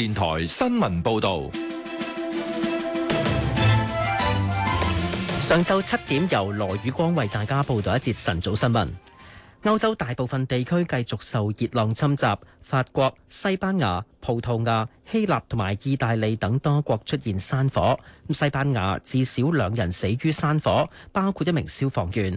電台新聞報道：上晝七點，由羅宇光為大家報道一節晨早新聞。歐洲大部分地區繼續受熱浪侵襲，法國、西班牙、葡萄牙、希臘同埋意大利等多國出現山火。西班牙至少兩人死於山火，包括一名消防員。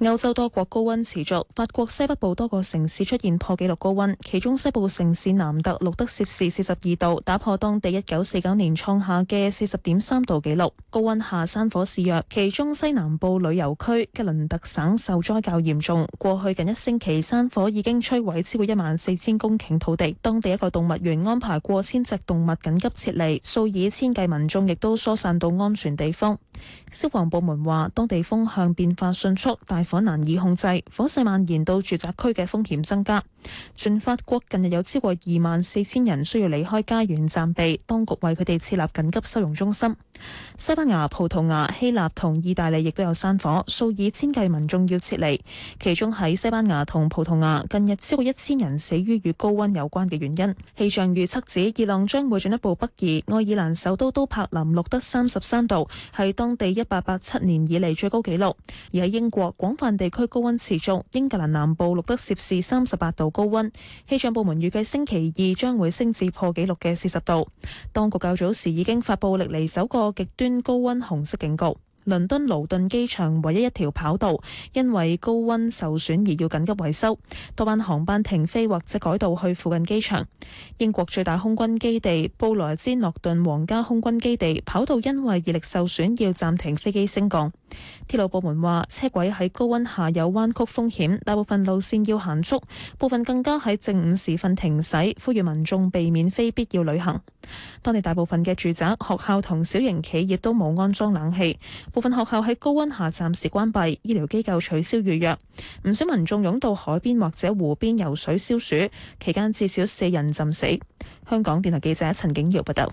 歐洲多國高溫持續，法國西北部多個城市出現破紀錄高溫，其中西部城市南特錄得攝氏四十二度，打破當地一九四九年創下嘅四十點三度紀錄。高溫下山火肆虐，其中西南部旅遊區吉倫特省受災較嚴重。過去近一星期，山火已經摧毀超過一萬四千公頃土地，當地一個動物園安排過千隻動物緊急撤離，數以千計民眾亦都疏散到安全地方。消防部門話，當地風向變化迅速，大火難以控制，火勢蔓延到住宅區嘅風險增加。全法國近日有超過二萬四千人需要離開家園暫避，當局為佢哋設立緊急收容中心。西班牙、葡萄牙、希臘同意大利亦都有山火，數以千計民眾要撤離。其中喺西班牙同葡萄牙，近日超過一千人死於與高溫有關嘅原因。氣象預測指熱浪將會進一步北移。愛爾蘭首都都柏林錄得三十三度，係當地一八八七年以嚟最高紀錄。而喺英國，廣泛地區高溫持續，英格蘭南部錄得攝氏三十八度。高溫，氣象部門預計星期二將會升至破紀錄嘅四十度。當局較早時已經發佈歷嚟首個極端高溫紅色警告。倫敦勞頓機場唯一一條跑道因為高溫受損而要緊急維修，多班航班停飛或者改道去附近機場。英國最大空軍基地布萊茲諾頓皇家空軍基地跑道因為熱力受損要暫停飛機升降。鐵路部門話，車軌喺高溫下有彎曲風險，大部分路線要限速，部分更加喺正午時分停駛，呼籲民眾避免非必要旅行。當地大部分嘅住宅、學校同小型企業都冇安裝冷氣，部分學校喺高溫下暫時關閉，醫療機構取消預約。唔少民眾湧到海邊或者湖邊游水消暑，期間至少四人浸死。香港電台記者陳景堯報道。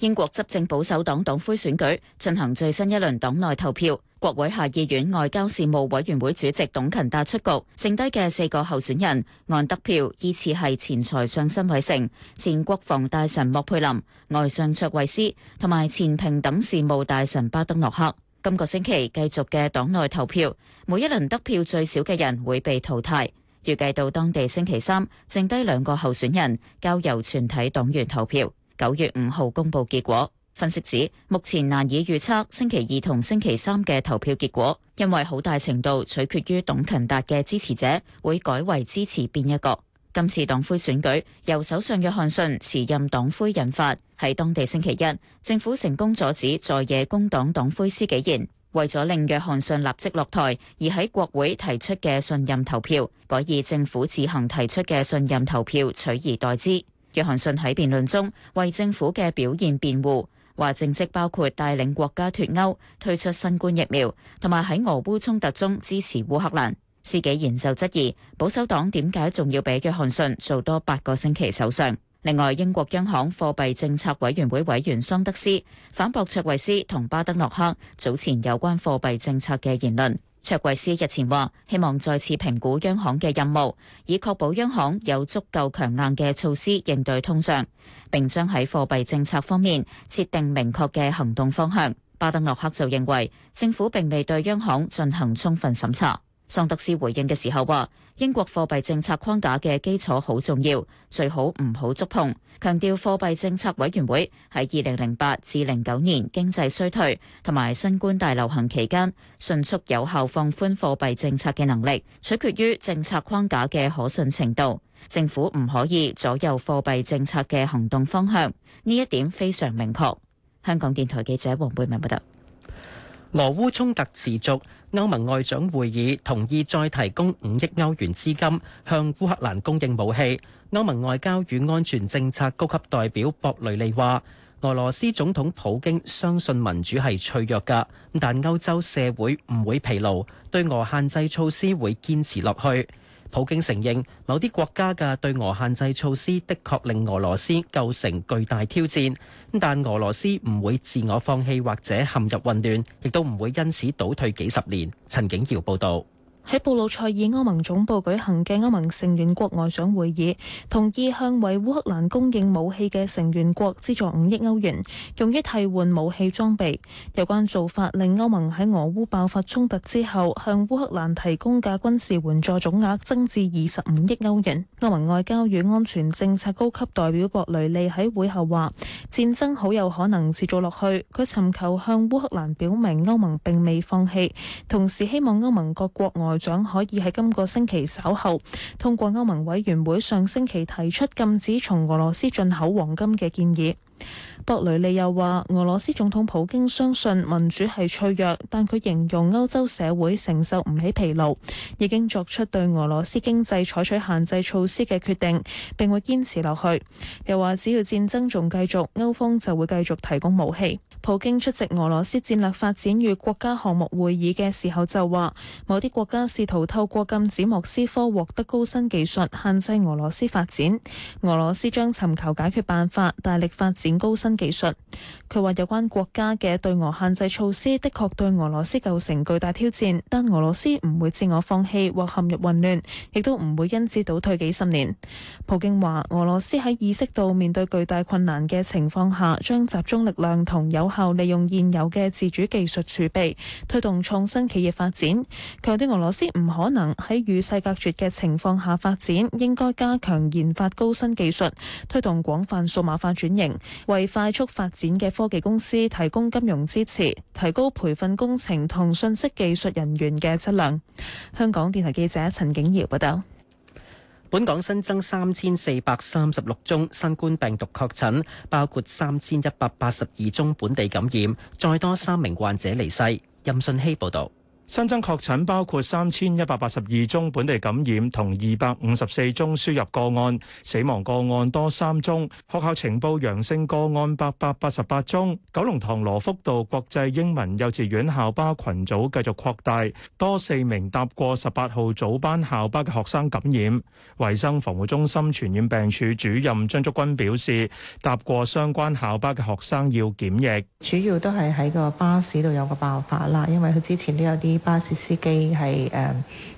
英國執政保守黨黨魁選舉進行最新一輪黨內投票，國會下議院外交事務委員會主席董勤達出局，剩低嘅四個候選人按得票依次係前財相辛偉誠、前國防大臣莫佩林、外相卓慧思同埋前平等事務大臣巴登諾克。今個星期繼續嘅黨內投票，每一輪得票最少嘅人會被淘汰，預計到當地星期三剩低兩個候選人，交由全體黨員投票。九月五號公布結果，分析指目前難以預測星期二同星期三嘅投票結果，因為好大程度取決於董勤達嘅支持者會改為支持邊一個。今次黨魁選舉由首相約翰遜辭任黨魁引發，喺當地星期一，政府成功阻止在野工黨黨魁施紀賢，為咗令約翰遜立即落台，而喺國會提出嘅信任投票，改以政府自行提出嘅信任投票取而代之。約翰遜喺辯論中為政府嘅表現辯護，話政績包括帶領國家脫歐、推出新冠疫苗，同埋喺俄烏衝突中支持烏克蘭。施紀賢就質疑保守黨點解仲要俾約翰遜做多八個星期首相？另外，英國央行貨幣政策委員會委員桑德斯反駁卓慧思同巴德諾克早前有關貨幣政策嘅言論。卓貴斯日前話，希望再次評估央行嘅任務，以確保央行有足夠強硬嘅措施應對通脹，並將喺貨幣政策方面設定明確嘅行動方向。巴登諾克就認為政府並未對央行進行充分審查。桑德斯回應嘅時候話。英國貨幣政策框架嘅基礎好重要，最好唔好觸碰。強調貨幣政策委員會喺二零零八至零九年經濟衰退同埋新冠大流行期間，迅速有效放寬貨幣政策嘅能力，取決於政策框架嘅可信程度。政府唔可以左右貨幣政策嘅行動方向，呢一點非常明確。香港電台記者黃貝文報道。俄烏衝突持續，歐盟外長會議同意再提供五億歐元資金向烏克蘭供應武器。歐盟外交與安全政策高級代表博雷利話，俄羅斯總統普京相信民主係脆弱㗎，但歐洲社會唔會疲勞，對俄限制措施會堅持落去。普京承認某啲國家嘅對俄限制措施，的確令俄羅斯構成巨大挑戰。但俄羅斯唔會自我放棄或者陷入混亂，亦都唔會因此倒退幾十年。陳景堯報導。喺布魯塞爾歐盟總部舉行嘅歐盟成員國外長會議，同意向為烏克蘭供應武器嘅成員國資助五億歐元，用於替換武器裝備。有關做法令歐盟喺俄烏爆發衝突之後，向烏克蘭提供嘅軍事援助總額增至二十五億歐元。歐盟外交與安全政策高級代表博雷利喺會後話：戰爭好有可能持續落去。佢尋求向烏克蘭表明歐盟並未放棄，同時希望歐盟各國外長可以喺今個星期稍後通過歐盟委員會上星期提出禁止從俄羅斯進口黃金嘅建議。博雷利又話：俄羅斯總統普京相信民主係脆弱，但佢形容歐洲社會承受唔起疲勞，已經作出對俄羅斯經濟採取限制措施嘅決定，並會堅持落去。又話只要戰爭仲繼續，歐方就會繼續提供武器。普京出席俄羅斯戰略發展與國家項目會議嘅時候就話：某啲國家試圖透過禁止莫斯科獲得高新技術，限制俄羅斯發展。俄羅斯將尋求解決辦法，大力發展。點高新技術。佢話有關國家嘅對俄限制措施的確對俄羅斯構成巨大挑戰，但俄羅斯唔會自我放棄或陷入混亂，亦都唔會因此倒退幾十年。普京話俄羅斯喺意識到面對巨大困難嘅情況下，將集中力量同有效利用現有嘅自主技術儲備，推動創新企業發展。強調俄羅斯唔可能喺與世隔絕嘅情況下發展，應該加強研發高新技術，推動廣泛數碼化轉型。為快速發展嘅科技公司提供金融支持，提高培訓工程同信息技術人員嘅質量。香港電台記者陳景瑤報道。本港新增三千四百三十六宗新冠病毒確診，包括三千一百八十二宗本地感染，再多三名患者離世。任信希報道。新增確診包括三千一百八十二宗本地感染同二百五十四宗輸入個案，死亡個案多三宗。學校情報陽性個案八百八十八宗。九龍塘羅福道國際英文幼稚園校巴群組繼續擴大，多四名搭過十八號早班校巴嘅學生感染。衞生防護中心傳染病處主任張竹君表示，搭過相關校巴嘅學生要檢疫。主要都係喺個巴士度有個爆發啦，因為佢之前都有啲。巴士司機係誒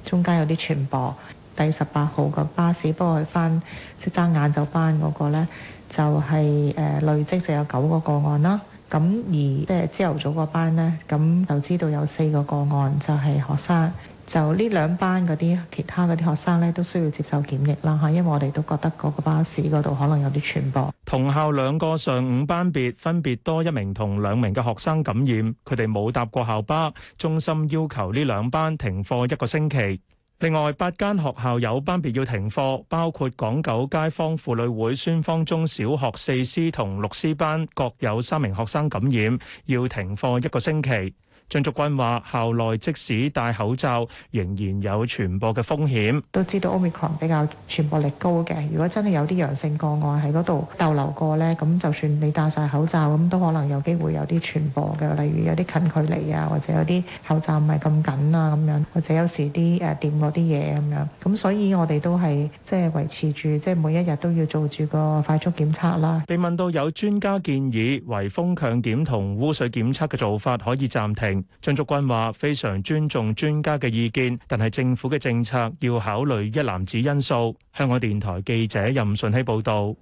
中間有啲傳播，第十八號個巴士，不過佢翻即係晏晝班嗰個咧，就係、是、誒、就是呃、累積就有九個個案啦。咁而即係朝頭早個班呢，咁就知道有四個個案就係、是、學生。就呢兩班嗰啲其他嗰啲學生呢，都需要接受檢疫啦嚇，因為我哋都覺得嗰個巴士嗰度可能有啲傳播。同校兩個上午班別分別多一名同兩名嘅學生感染，佢哋冇搭過校巴。中心要求呢兩班停課一個星期。另外八間學校有班別要停課，包括港九街坊婦女會孫方中小學四 C 同六 C 班各有三名學生感染，要停課一個星期。張竹君話：校內即使戴口罩，仍然有傳播嘅風險。都知道 Omicron 比較傳播力高嘅，如果真係有啲陽性個案喺嗰度逗留過咧，咁就算你戴晒口罩，咁都可能有機會有啲傳播嘅。例如有啲近距離啊，或者有啲口罩唔係咁緊啊，咁樣，或者有時啲誒掂嗰啲嘢咁樣。咁所以我哋都係即係維持住，即係每一日都要做住個快速檢測啦。被問到有專家建議圍封、強檢同污水檢測嘅做法可以暫停。張竹君話：非常尊重專家嘅意見，但係政府嘅政策要考慮一籃子因素。香港電台記者任順希報道。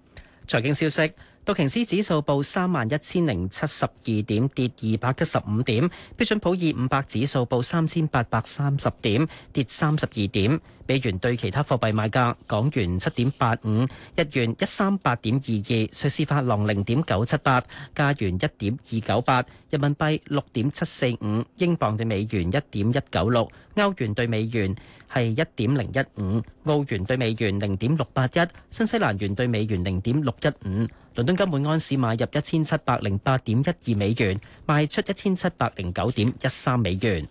財經消息。道瓊斯指數報三萬一千零七十二點，跌二百七十五點。標準普爾五百指數報三千八百三十點，跌三十二點。美元對其他貨幣賣價：港元七點八五，日元一三八點二二，瑞士法郎零點九七八，加元一點二九八，人民幣六點七四五，英鎊對美元一點一九六，歐元對美元係一點零一五，澳元對美元零點六八一，新西蘭元對美元零點六一五。倫敦金每安士買入一千七百零八點一二美元，賣出一千七百零九點一三美元。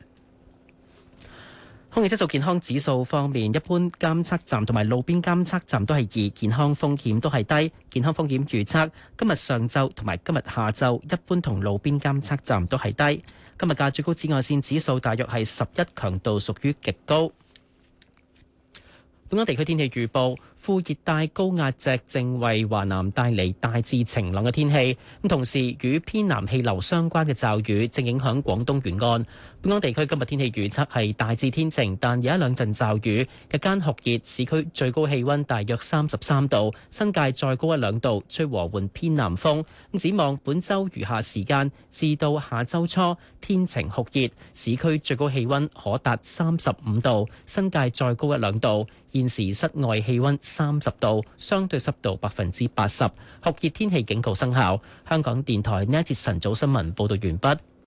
空氣質素健康指數方面，一般監測站同埋路邊監測站都係二，健康風險都係低。健康風險預測今日上晝同埋今日下晝，一般同路邊監測站都係低。今日嘅最高紫外綫指數大約係十一，強度屬於極高。本港地區天氣預報。副熱帶高壓脊正為華南帶嚟大致晴朗嘅天氣，咁同時與偏南氣流相關嘅驟雨正影響廣東沿岸。本港地區今日天氣預測係大致天晴，但有一兩陣驟雨，日間酷熱，市區最高氣温大約三十三度，新界再高一兩度，吹和緩偏南風。指望本週餘下時間至到下周初，天晴酷熱，市區最高氣温可達三十五度，新界再高一兩度。現時室外氣温。三十度，相對濕度百分之八十，酷熱天氣警告生效。香港電台呢一節晨早新聞報道完畢。